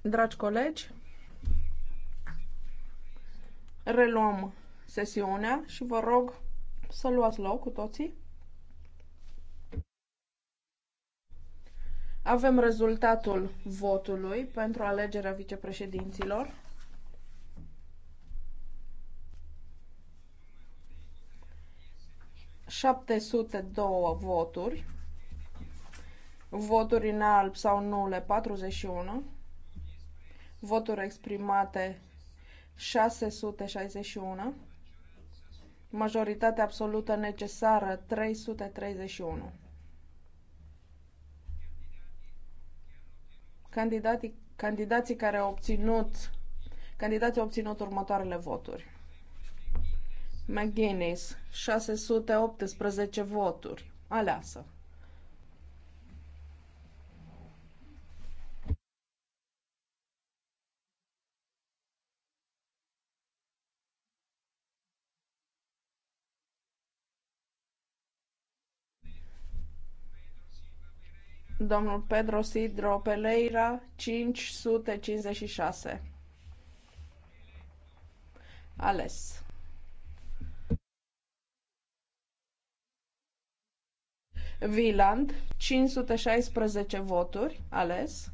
dragi colegi, reluăm sesiunea și vă rog să luați loc cu toții. Avem rezultatul votului pentru alegerea vicepreședinților. șapte sute două voturi voturi în alb sau nule 41, voturi exprimate 661, majoritatea absolută necesară 331. Candidații, candidații care au obținut candidații au obținut următoarele voturi. McGuinness 618 voturi, aleasă. domnul Pedro Sidro Peleira 556. Ales. Viland 516 voturi. Ales.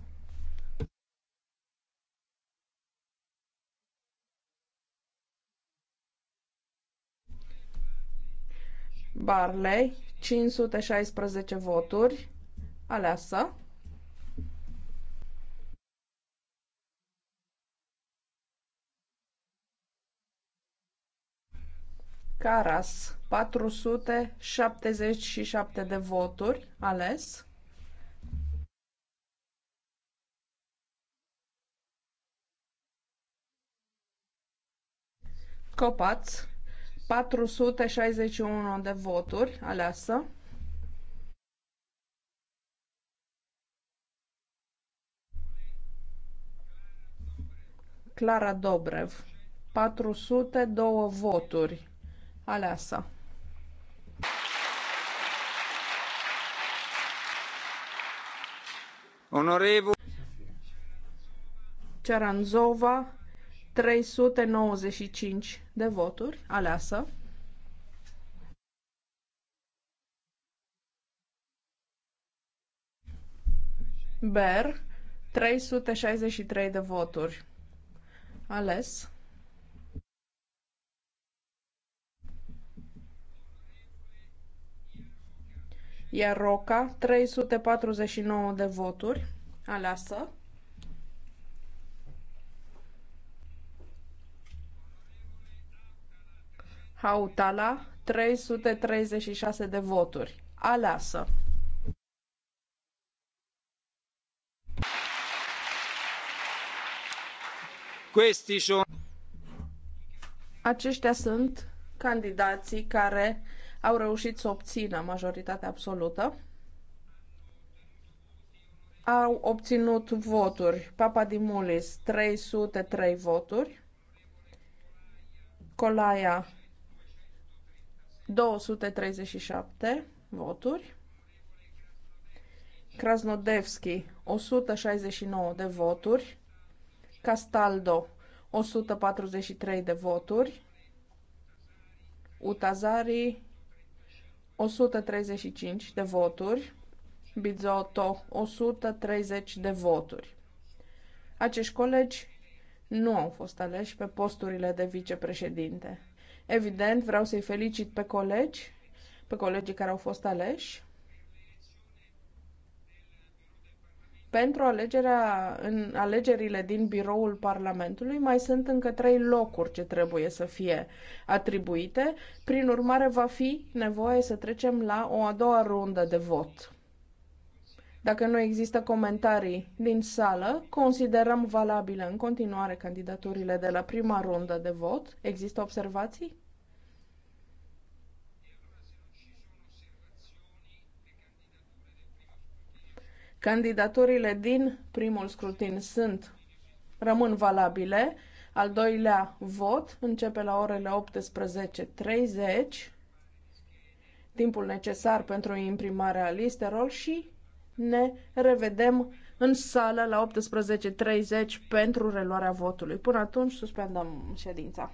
Barley 516 voturi aleasă. Caras, 477 de voturi ales. Copați, 461 de voturi aleasă. Clara Dobrev. 402 voturi aleasă. Onorevo Ceranzova, 395 de voturi aleasă. Ber, 363 de voturi ales iar Roca 349 de voturi aleasă. Hautala 336 de voturi aleasă. Aceștia sunt candidații care au reușit să obțină majoritatea absolută. Au obținut voturi. Papa Dimulis, 303 voturi. Colaia 237 voturi. Krasnodevski 169 de voturi. Castaldo, 143 de voturi. Utazari, 135 de voturi. Bizotto, 130 de voturi. Acești colegi nu au fost aleși pe posturile de vicepreședinte. Evident, vreau să-i felicit pe colegi, pe colegii care au fost aleși Pentru alegerea, în alegerile din biroul Parlamentului mai sunt încă trei locuri ce trebuie să fie atribuite. Prin urmare, va fi nevoie să trecem la o a doua rundă de vot. Dacă nu există comentarii din sală, considerăm valabile în continuare candidaturile de la prima rundă de vot. Există observații? Candidaturile din primul scrutin sunt rămân valabile. Al doilea vot începe la orele 18.30, timpul necesar pentru imprimarea listelor și ne revedem în sală la 18.30 pentru reluarea votului. Până atunci suspendăm ședința.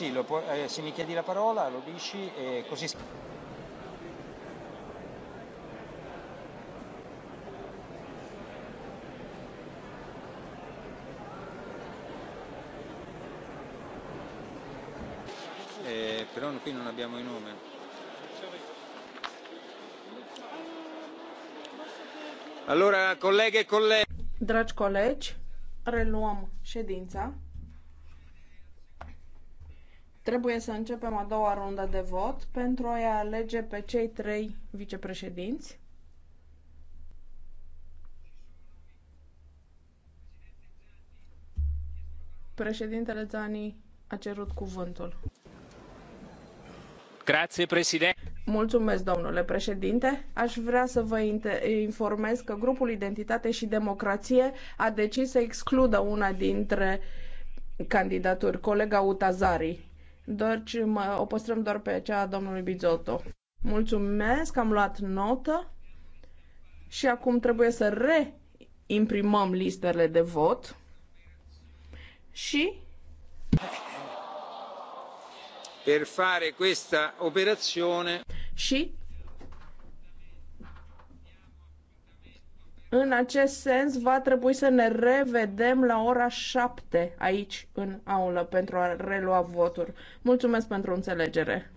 sì, lo può, eh, se mi chiedi la parola lo dici e così. Eh, però qui non abbiamo i nomi. Allora, colleghe e colleghi. Dragi colegi, reluăm ședința. Trebuie să începem a doua rundă de vot pentru a-i alege pe cei trei vicepreședinți. Președintele Zani a cerut cuvântul. Grazie, Mulțumesc, domnule președinte. Aș vrea să vă informez că grupul Identitate și Democrație a decis să excludă una dintre candidaturi, colega Utazari deci o păstrăm doar pe cea a domnului Bizotto. Mulțumesc, am luat notă și acum trebuie să reimprimăm listele de vot și per fare questa operazione și În acest sens, va trebui să ne revedem la ora 7 aici, în aulă, pentru a relua voturi. Mulțumesc pentru înțelegere!